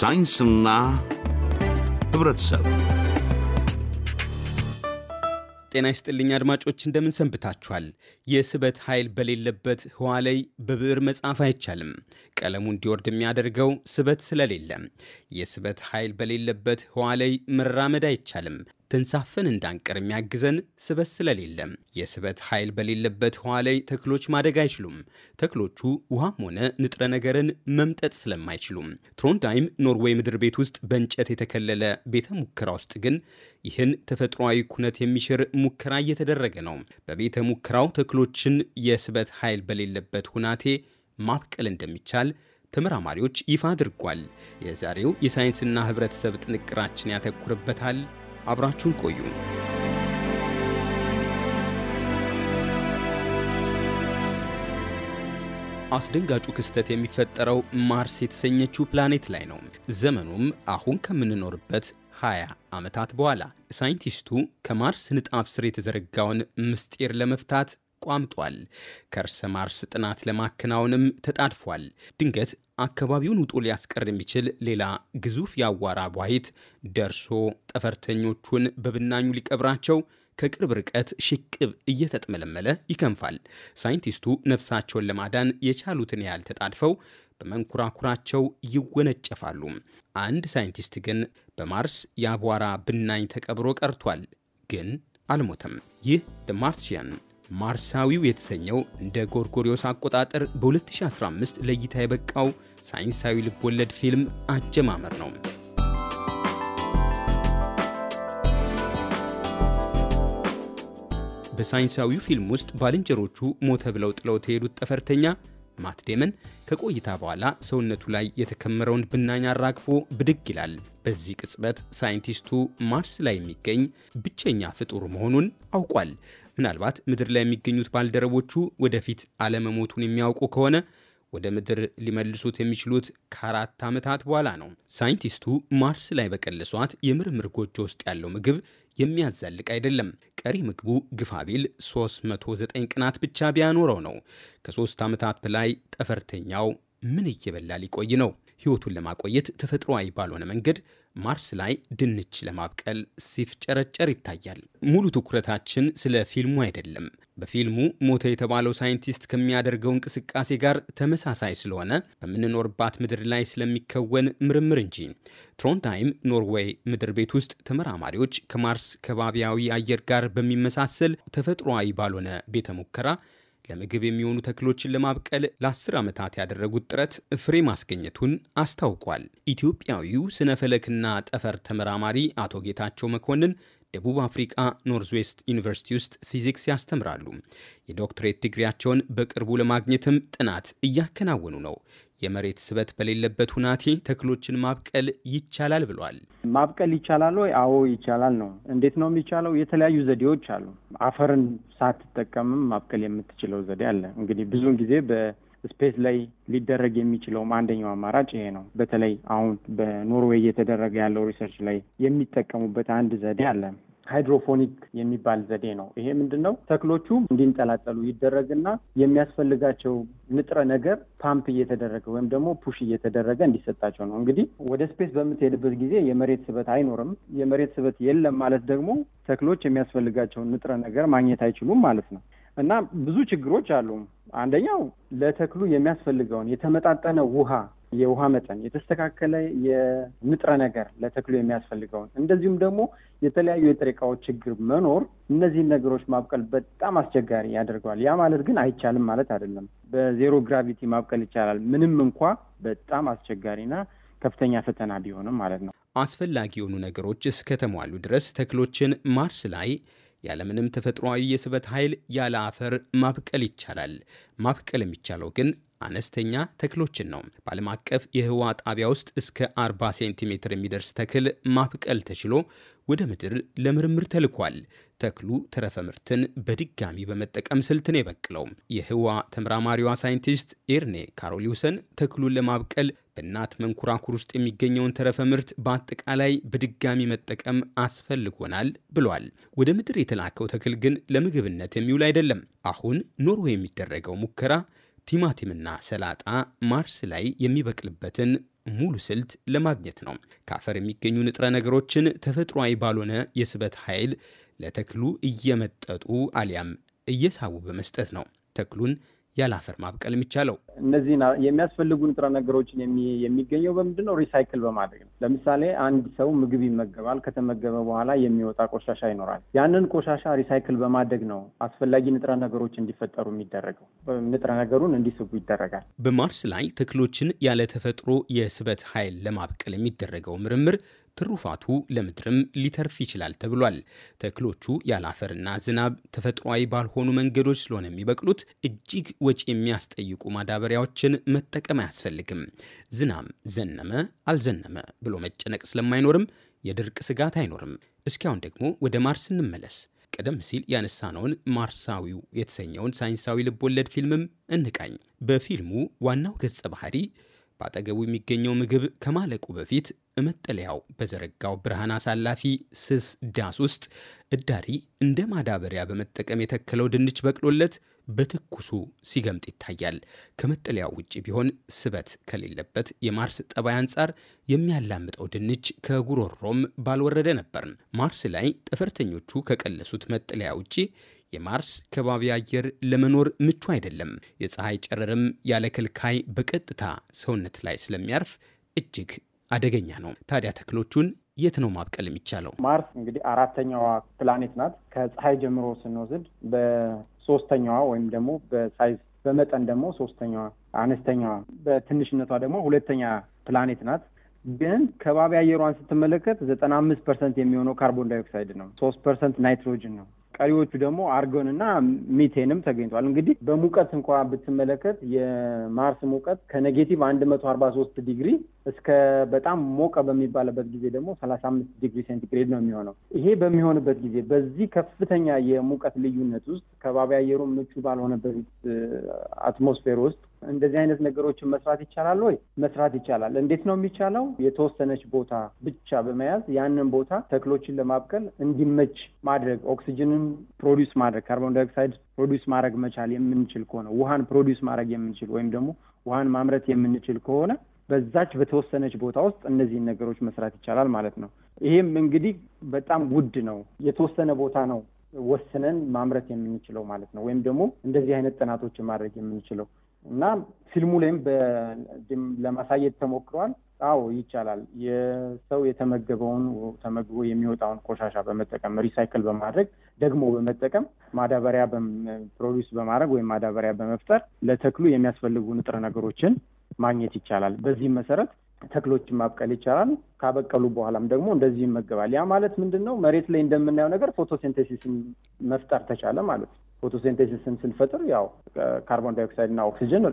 ሳይንስና ህብረተሰብ ጤና ይስጥልኝ አድማጮች፣ እንደምን ሰንብታችኋል? የስበት ኃይል በሌለበት ህዋ ላይ በብዕር መጻፍ አይቻልም። ቀለሙ እንዲወርድ የሚያደርገው ስበት ስለሌለ። የስበት ኃይል በሌለበት ህዋ ላይ መራመድ አይቻልም። ተንሳፈን እንዳንቀር የሚያግዘን ስበት ስለሌለም የስበት ኃይል በሌለበት ውሃ ላይ ተክሎች ማደግ አይችሉም። ተክሎቹ ውሃም ሆነ ንጥረ ነገርን መምጠጥ ስለማይችሉም። ትሮንዳይም ኖርዌይ ምድር ቤት ውስጥ በእንጨት የተከለለ ቤተ ሙከራ ውስጥ ግን ይህን ተፈጥሯዊ ኩነት የሚሽር ሙከራ እየተደረገ ነው። በቤተ ሙከራው ተክሎችን የስበት ኃይል በሌለበት ሁናቴ ማብቀል እንደሚቻል ተመራማሪዎች ይፋ አድርጓል። የዛሬው የሳይንስና ሕብረተሰብ ጥንቅራችን ያተኩርበታል። አብራችሁን ቆዩ። አስደንጋጩ ክስተት የሚፈጠረው ማርስ የተሰኘችው ፕላኔት ላይ ነው። ዘመኑም አሁን ከምንኖርበት 20 ዓመታት በኋላ ሳይንቲስቱ ከማርስ ንጣፍ ስር የተዘረጋውን ምስጢር ለመፍታት ቋምጧል። ከርሰ ማርስ ጥናት ለማከናወንም ተጣድፏል። ድንገት አካባቢውን ውጦ ሊያስቀር የሚችል ሌላ ግዙፍ የአዋራ ቧይት ደርሶ ጠፈርተኞቹን በብናኙ ሊቀብራቸው ከቅርብ ርቀት ሽቅብ እየተጥመለመለ ይከንፋል። ሳይንቲስቱ ነፍሳቸውን ለማዳን የቻሉትን ያህል ተጣድፈው በመንኮራኩራቸው ይወነጨፋሉ። አንድ ሳይንቲስት ግን በማርስ የአቧራ ብናኝ ተቀብሮ ቀርቷል፣ ግን አልሞተም። ይህ ማርሲያን ማርሳዊው የተሰኘው እንደ ጎርጎሪዮስ አቆጣጠር በ2015 ለእይታ የበቃው ሳይንሳዊ ልብወለድ ፊልም አጀማመር ነው። በሳይንሳዊው ፊልም ውስጥ ባልንጀሮቹ ሞተ ብለው ጥለው ተሄዱት ጠፈርተኛ ማት ዴመን ከቆይታ በኋላ ሰውነቱ ላይ የተከመረውን ብናኝ አራግፎ ብድግ ይላል። በዚህ ቅጽበት ሳይንቲስቱ ማርስ ላይ የሚገኝ ብቸኛ ፍጡር መሆኑን አውቋል። ምናልባት ምድር ላይ የሚገኙት ባልደረቦቹ ወደፊት አለመሞቱን የሚያውቁ ከሆነ ወደ ምድር ሊመልሱት የሚችሉት ከአራት ዓመታት በኋላ ነው። ሳይንቲስቱ ማርስ ላይ በቀለሷት የምርምር ጎጆ ውስጥ ያለው ምግብ የሚያዛልቅ አይደለም። ቀሪ ምግቡ ግፋቢል 309 ቀናት ብቻ ቢያኖረው ነው። ከሶስት ዓመታት በላይ ጠፈርተኛው ምን እየበላ ሊቆይ ነው? ሕይወቱን ለማቆየት ተፈጥሯዊ ባልሆነ መንገድ ማርስ ላይ ድንች ለማብቀል ሲፍጨረጨር ይታያል። ሙሉ ትኩረታችን ስለ ፊልሙ አይደለም። በፊልሙ ሞተ የተባለው ሳይንቲስት ከሚያደርገው እንቅስቃሴ ጋር ተመሳሳይ ስለሆነ በምንኖርባት ምድር ላይ ስለሚከወን ምርምር እንጂ። ትሮንታይም ኖርዌይ ምድር ቤት ውስጥ ተመራማሪዎች ከማርስ ከባቢያዊ አየር ጋር በሚመሳሰል ተፈጥሯዊ ባልሆነ ቤተ ሙከራ ለምግብ የሚሆኑ ተክሎችን ለማብቀል ለአስር ዓመታት ያደረጉት ጥረት ፍሬ ማስገኘቱን አስታውቋል። ኢትዮጵያዊው ስነ ፈለክና ጠፈር ተመራማሪ አቶ ጌታቸው መኮንን ደቡብ አፍሪቃ ኖርዝ ዌስት ዩኒቨርሲቲ ውስጥ ፊዚክስ ያስተምራሉ። የዶክትሬት ዲግሪያቸውን በቅርቡ ለማግኘትም ጥናት እያከናወኑ ነው። የመሬት ስበት በሌለበት ሁናቴ ተክሎችን ማብቀል ይቻላል ብሏል። ማብቀል ይቻላል ወይ? አዎ ይቻላል ነው። እንዴት ነው የሚቻለው? የተለያዩ ዘዴዎች አሉ። አፈርን ሳትጠቀምም ማብቀል የምትችለው ዘዴ አለ። እንግዲህ ብዙውን ጊዜ በስፔስ ላይ ሊደረግ የሚችለውም አንደኛው አማራጭ ይሄ ነው። በተለይ አሁን በኖርዌይ እየተደረገ ያለው ሪሰርች ላይ የሚጠቀሙበት አንድ ዘዴ አለ። ሃይድሮፎኒክ የሚባል ዘዴ ነው። ይሄ ምንድን ነው? ተክሎቹ እንዲንጠላጠሉ ይደረግና የሚያስፈልጋቸው ንጥረ ነገር ፓምፕ እየተደረገ ወይም ደግሞ ፑሽ እየተደረገ እንዲሰጣቸው ነው። እንግዲህ ወደ ስፔስ በምትሄድበት ጊዜ የመሬት ስበት አይኖርም። የመሬት ስበት የለም ማለት ደግሞ ተክሎች የሚያስፈልጋቸውን ንጥረ ነገር ማግኘት አይችሉም ማለት ነው። እና ብዙ ችግሮች አሉ። አንደኛው ለተክሉ የሚያስፈልገውን የተመጣጠነ ውሃ የውሃ መጠን፣ የተስተካከለ የንጥረ ነገር ለተክሉ የሚያስፈልገውን እንደዚሁም ደግሞ የተለያዩ የጥሬ እቃዎች ችግር መኖር እነዚህን ነገሮች ማብቀል በጣም አስቸጋሪ ያደርገዋል። ያ ማለት ግን አይቻልም ማለት አይደለም። በዜሮ ግራቪቲ ማብቀል ይቻላል፣ ምንም እንኳ በጣም አስቸጋሪና ከፍተኛ ፈተና ቢሆንም ማለት ነው። አስፈላጊ የሆኑ ነገሮች እስከተሟሉ ድረስ ተክሎችን ማርስ ላይ ያለምንም ተፈጥሯዊ የስበት ኃይል ያለ አፈር ማብቀል ይቻላል። ማብቀል የሚቻለው ግን አነስተኛ ተክሎችን ነው። በዓለም አቀፍ የህዋ ጣቢያ ውስጥ እስከ 40 ሴንቲሜትር የሚደርስ ተክል ማብቀል ተችሎ ወደ ምድር ለምርምር ተልኳል። ተክሉ ተረፈ ምርትን በድጋሚ በመጠቀም ስልትን የበቅለው። የህዋ ተመራማሪዋ ሳይንቲስት ኤርኔ ካሮሊውሰን ተክሉን ለማብቀል በእናት መንኮራኩር ውስጥ የሚገኘውን ተረፈ ምርት በአጠቃላይ በድጋሚ መጠቀም አስፈልጎናል ብሏል። ወደ ምድር የተላከው ተክል ግን ለምግብነት የሚውል አይደለም። አሁን ኖርዌይ የሚደረገው ሙከራ ቲማቲምና ሰላጣ ማርስ ላይ የሚበቅልበትን ሙሉ ስልት ለማግኘት ነው። ከአፈር የሚገኙ ንጥረ ነገሮችን ተፈጥሯዊ ባልሆነ የስበት ኃይል ለተክሉ እየመጠጡ አሊያም እየሳቡ በመስጠት ነው ተክሉን ያለ አፈር ማብቀል የሚቻለው። እነዚህ የሚያስፈልጉ ንጥረ ነገሮችን የሚገኘው በምንድን ነው? ሪሳይክል በማድረግ ነው። ለምሳሌ አንድ ሰው ምግብ ይመገባል። ከተመገበ በኋላ የሚወጣ ቆሻሻ ይኖራል። ያንን ቆሻሻ ሪሳይክል በማድረግ ነው አስፈላጊ ንጥረ ነገሮች እንዲፈጠሩ የሚደረገው። ንጥረ ነገሩን እንዲስቡ ይደረጋል። በማርስ ላይ ተክሎችን ያለ ተፈጥሮ የስበት ኃይል ለማብቀል የሚደረገው ምርምር ትሩፋቱ ለምድርም ሊተርፍ ይችላል ተብሏል። ተክሎቹ ያለ አፈርና ዝናብ ተፈጥሯዊ ባልሆኑ መንገዶች ስለሆነ የሚበቅሉት እጅግ ወጪ የሚያስጠይቁ ማዳበሪያዎችን መጠቀም አያስፈልግም። ዝናም ዘነመ አልዘነመ ብሎ መጨነቅ ስለማይኖርም የድርቅ ስጋት አይኖርም። እስኪያውን ደግሞ ወደ ማርስ እንመለስ። ቀደም ሲል ያነሳነውን ማርሳዊው የተሰኘውን ሳይንሳዊ ልብወለድ ፊልምም እንቃኝ። በፊልሙ ዋናው ገጸ ባህሪ በአጠገቡ የሚገኘው ምግብ ከማለቁ በፊት መጠለያው በዘረጋው ብርሃን አሳላፊ ስስ ዳስ ውስጥ እዳሪ እንደ ማዳበሪያ በመጠቀም የተከለው ድንች በቅሎለት በትኩሱ ሲገምጥ ይታያል። ከመጠለያው ውጭ ቢሆን ስበት ከሌለበት የማርስ ጠባይ አንጻር የሚያላምጠው ድንች ከጉሮሮም ባልወረደ ነበር። ማርስ ላይ ጠፈርተኞቹ ከቀለሱት መጠለያ ውጭ የማርስ ከባቢ አየር ለመኖር ምቹ አይደለም። የፀሐይ ጨረርም ያለ ከልካይ በቀጥታ ሰውነት ላይ ስለሚያርፍ እጅግ አደገኛ ነው። ታዲያ ተክሎቹን የት ነው ማብቀል የሚቻለው? ማርስ እንግዲህ አራተኛዋ ፕላኔት ናት። ከፀሐይ ጀምሮ ስንወስድ በሶስተኛዋ ወይም ደግሞ በሳይዝ በመጠን ደግሞ ሶስተኛዋ አነስተኛዋ፣ በትንሽነቷ ደግሞ ሁለተኛ ፕላኔት ናት። ግን ከባቢ አየሯን ስትመለከት ዘጠና አምስት ፐርሰንት የሚሆነው ካርቦን ዳይኦክሳይድ ነው። ሶስት ፐርሰንት ናይትሮጅን ነው። ቀሪዎቹ ደግሞ አርጎን እና ሚቴንም ተገኝቷል። እንግዲህ በሙቀት እንኳ ብትመለከት የማርስ ሙቀት ከኔጌቲቭ መቶ ሶስት ዲግሪ እስከ በጣም ሞቀ በሚባልበት ጊዜ ደግሞ 35 ዲግሪ ሴንቲግሬድ ነው የሚሆነው። ይሄ በሚሆንበት ጊዜ በዚህ ከፍተኛ የሙቀት ልዩነት ውስጥ ከባቢ አየሩ ምቹ ባልሆነበት አትሞስፌር ውስጥ እንደዚህ አይነት ነገሮችን መስራት ይቻላል ወይ? መስራት ይቻላል። እንዴት ነው የሚቻለው? የተወሰነች ቦታ ብቻ በመያዝ ያንን ቦታ ተክሎችን ለማብቀል እንዲመች ማድረግ፣ ኦክሲጅንን ፕሮዲስ ማድረግ፣ ካርቦን ዳይኦክሳይድ ፕሮዲስ ማድረግ መቻል የምንችል ከሆነ ውሃን ፕሮዲስ ማድረግ የምንችል ወይም ደግሞ ውሃን ማምረት የምንችል ከሆነ በዛች በተወሰነች ቦታ ውስጥ እነዚህን ነገሮች መስራት ይቻላል ማለት ነው። ይሄም እንግዲህ በጣም ውድ ነው። የተወሰነ ቦታ ነው ወስነን ማምረት የምንችለው ማለት ነው። ወይም ደግሞ እንደዚህ አይነት ጥናቶችን ማድረግ የምንችለው እና ፊልሙ ላይም ለማሳየት ተሞክሯል። አዎ ይቻላል። የሰው የተመገበውን ተመግቦ የሚወጣውን ቆሻሻ በመጠቀም ሪሳይክል በማድረግ ደግሞ በመጠቀም ማዳበሪያ ፕሮዲስ በማድረግ ወይም ማዳበሪያ በመፍጠር ለተክሉ የሚያስፈልጉ ንጥረ ነገሮችን ማግኘት ይቻላል። በዚህም መሰረት ተክሎችን ማብቀል ይቻላል። ካበቀሉ በኋላም ደግሞ እንደዚህ ይመገባል። ያ ማለት ምንድን ነው? መሬት ላይ እንደምናየው ነገር ፎቶሲንቴሲስን መፍጠር ተቻለ ማለት ነው። ፎቶሴንቴሲስን ስንፈጥር ያው ካርቦን ዳይኦክሳይድ እና ኦክሲጅን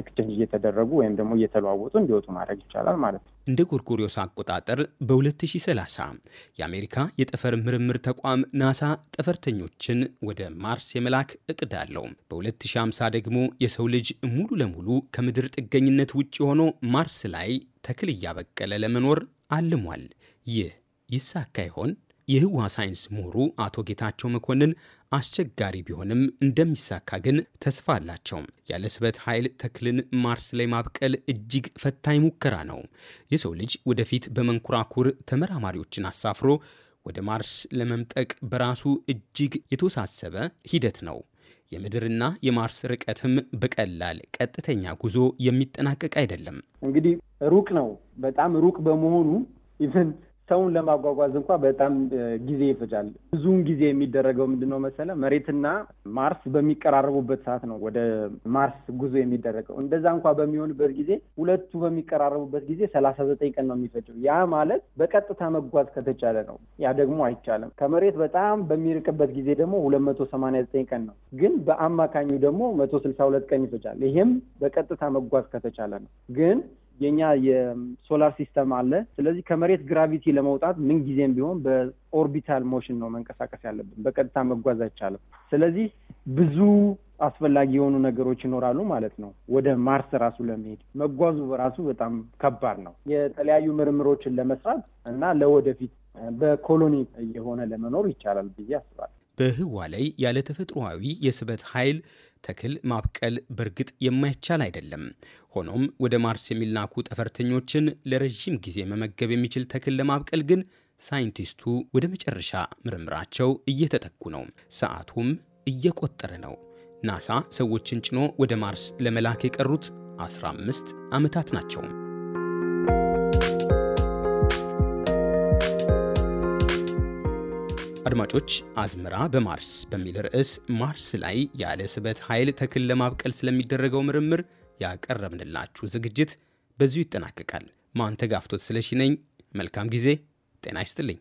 ኤክስቼንጅ እየተደረጉ ወይም ደግሞ እየተለዋወጡ እንዲወጡ ማድረግ ይቻላል ማለት ነው። እንደ ጎርጎሪዮስ አቆጣጠር በ2030 የአሜሪካ የጠፈር ምርምር ተቋም ናሳ ጠፈርተኞችን ወደ ማርስ የመላክ እቅድ አለው። በ2050 ደግሞ የሰው ልጅ ሙሉ ለሙሉ ከምድር ጥገኝነት ውጭ ሆኖ ማርስ ላይ ተክል እያበቀለ ለመኖር አልሟል። ይህ ይሳካ ይሆን? የህዋ ሳይንስ ምሁሩ አቶ ጌታቸው መኮንን አስቸጋሪ ቢሆንም እንደሚሳካ ግን ተስፋ አላቸው። ያለ ስበት ኃይል ተክልን ማርስ ላይ ማብቀል እጅግ ፈታኝ ሙከራ ነው። የሰው ልጅ ወደፊት በመንኮራኩር ተመራማሪዎችን አሳፍሮ ወደ ማርስ ለመምጠቅ በራሱ እጅግ የተወሳሰበ ሂደት ነው። የምድርና የማርስ ርቀትም በቀላል ቀጥተኛ ጉዞ የሚጠናቀቅ አይደለም። እንግዲህ ሩቅ ነው። በጣም ሩቅ በመሆኑ ኢቨን ሰውን ለማጓጓዝ እንኳ በጣም ጊዜ ይፈጃል። ብዙውን ጊዜ የሚደረገው ምንድነው መሰለ መሬትና ማርስ በሚቀራረቡበት ሰዓት ነው ወደ ማርስ ጉዞ የሚደረገው። እንደዛ እንኳ በሚሆንበት ጊዜ ሁለቱ በሚቀራረቡበት ጊዜ ሰላሳ ዘጠኝ ቀን ነው የሚፈጀው። ያ ማለት በቀጥታ መጓዝ ከተቻለ ነው። ያ ደግሞ አይቻልም። ከመሬት በጣም በሚርቅበት ጊዜ ደግሞ ሁለት መቶ ሰማንያ ዘጠኝ ቀን ነው። ግን በአማካኙ ደግሞ መቶ ስልሳ ሁለት ቀን ይፈጃል። ይሄም በቀጥታ መጓዝ ከተቻለ ነው ግን የኛ የሶላር ሲስተም አለ። ስለዚህ ከመሬት ግራቪቲ ለመውጣት ምን ጊዜም ቢሆን በኦርቢታል ሞሽን ነው መንቀሳቀስ ያለብን፣ በቀጥታ መጓዝ አይቻልም። ስለዚህ ብዙ አስፈላጊ የሆኑ ነገሮች ይኖራሉ ማለት ነው። ወደ ማርስ ራሱ ለመሄድ መጓዙ በራሱ በጣም ከባድ ነው። የተለያዩ ምርምሮችን ለመስራት እና ለወደፊት በኮሎኒ የሆነ ለመኖር ይቻላል ብዬ አስባለሁ። በህዋ ላይ ያለ ተፈጥሯዊ የስበት ኃይል ተክል ማብቀል በእርግጥ የማይቻል አይደለም። ሆኖም ወደ ማርስ የሚላኩ ጠፈርተኞችን ለረዥም ጊዜ መመገብ የሚችል ተክል ለማብቀል ግን ሳይንቲስቱ ወደ መጨረሻ ምርምራቸው እየተጠጉ ነው። ሰዓቱም እየቆጠረ ነው። ናሳ ሰዎችን ጭኖ ወደ ማርስ ለመላክ የቀሩት 15 ዓመታት ናቸው። አድማጮች አዝመራ በማርስ በሚል ርዕስ ማርስ ላይ ያለ ስበት ኃይል ተክል ለማብቀል ስለሚደረገው ምርምር ያቀረብንላችሁ ዝግጅት በዚሁ ይጠናቀቃል። ማንተጋፍቶት ስለሺ ነኝ። መልካም ጊዜ። ጤና ይስጥልኝ።